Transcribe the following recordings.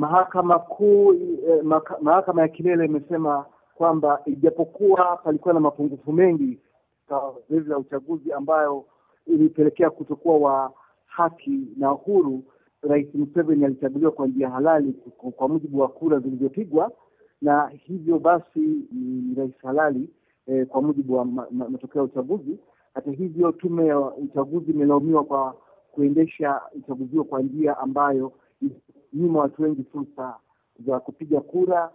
mahakama kuu eh, mahakama ya kilele imesema kwamba ijapokuwa palikuwa na mapungufu mengi zoezi la uchaguzi ambayo ilipelekea kutokuwa wa haki na huru, Rais Museveni alichaguliwa kwa njia halali kwa mujibu wa kura zilizopigwa, na hivyo basi ni rais halali eh, kwa mujibu wa ma, ma, matokeo ya uchaguzi. Hata hivyo, tume ya uchaguzi imelaumiwa kwa kuendesha uchaguzi huo kwa njia ambayo nyuma watu wengi fursa za kupiga kura,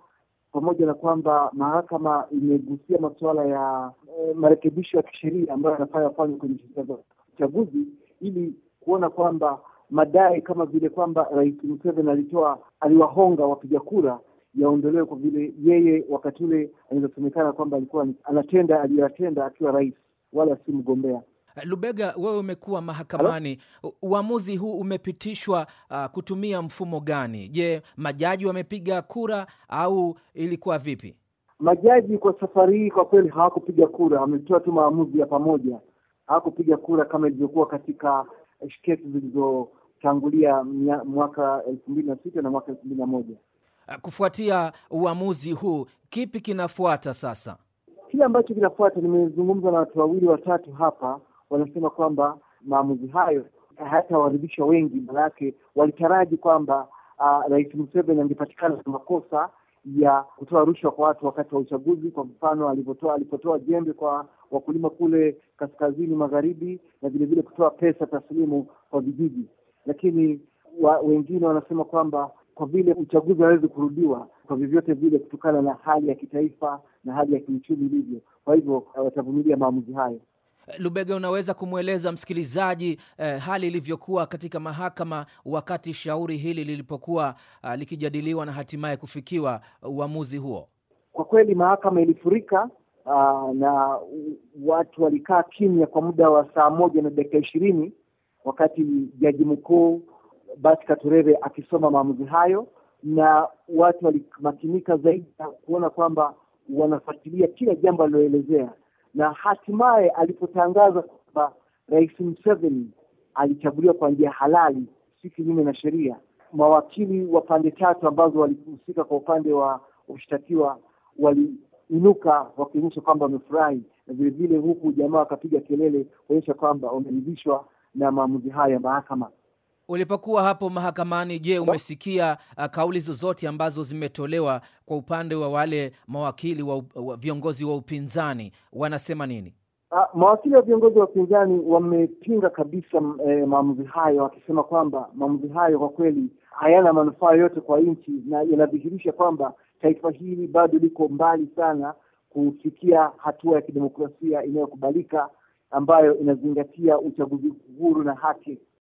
pamoja na kwamba mahakama imegusia masuala ya e, marekebisho ya kisheria ambayo yanafaa yafanywe kwenye sheria za uchaguzi ili kuona kwamba madai kama vile kwamba Rais Museveni alitoa aliwahonga wapiga kura yaondolewe kwa vile yeye wakati ule anawezasemekana kwamba alikuwa anatenda aliyoyatenda akiwa rais, wala si mgombea. Eh, Lubega, wewe umekuwa mahakamani. Uamuzi huu umepitishwa uh, kutumia mfumo gani? Je, majaji wamepiga kura au ilikuwa vipi? Majaji kwa safari hii kwa kweli hawakupiga kura, wametoa tu maamuzi ya pamoja, hawakupiga kura kama ilivyokuwa katika eh, kesi zilizotangulia mwaka elfu mbili na sita na mwaka elfu mbili na moja. Eh, kufuatia uamuzi huu, kipi kinafuata sasa? Kile ambacho kinafuata, nimezungumza na watu wawili watatu hapa wanasema kwamba maamuzi hayo hayatawaridhisha wengi, manake walitaraji kwamba uh, Rais Museveni angepatikana na makosa ya kutoa rushwa kwa watu wakati wa uchaguzi. Kwa mfano, alipotoa jembe kwa wakulima kule kaskazini magharibi, na vilevile kutoa pesa taslimu kwa vijiji. Lakini wa, wengine wanasema kwamba kwa vile uchaguzi hawezi kurudiwa kwa vyovyote vile kutokana na hali ya kitaifa na hali ya kiuchumi ilivyo, kwa hivyo watavumilia maamuzi hayo. Lubega, unaweza kumweleza msikilizaji eh, hali ilivyokuwa katika mahakama wakati shauri hili lilipokuwa uh, likijadiliwa na hatimaye kufikiwa uh, uamuzi huo? Kwa kweli mahakama ilifurika uh, na watu walikaa kimya kwa muda wa saa moja na dakika ishirini wakati jaji mkuu basi katurere akisoma maamuzi hayo, na watu walimakinika zaidi kuona kwamba wanafuatilia kila jambo aliloelezea na hatimaye alipotangaza kwamba Rais Museveni alichaguliwa kwa njia halali, si kinyume na sheria, mawakili wa pande tatu ambazo walihusika kwa upande wa ushtakiwa waliinuka wakionyesha kwamba wamefurahi, na vilevile huku jamaa wakapiga kelele kuonyesha kwamba wameridhishwa na maamuzi hayo ya mahakama. Ulipokuwa hapo mahakamani, je, umesikia uh, kauli zozote ambazo zimetolewa kwa upande wa wale mawakili wa, wa viongozi wa upinzani wanasema nini? Uh, mawakili wa viongozi wa upinzani wamepinga kabisa eh, maamuzi hayo, wakisema kwamba maamuzi hayo kwa kweli hayana manufaa yote kwa nchi na yanadhihirisha kwamba taifa hili bado liko mbali sana kufikia hatua ya kidemokrasia inayokubalika ambayo inazingatia uchaguzi huru na haki.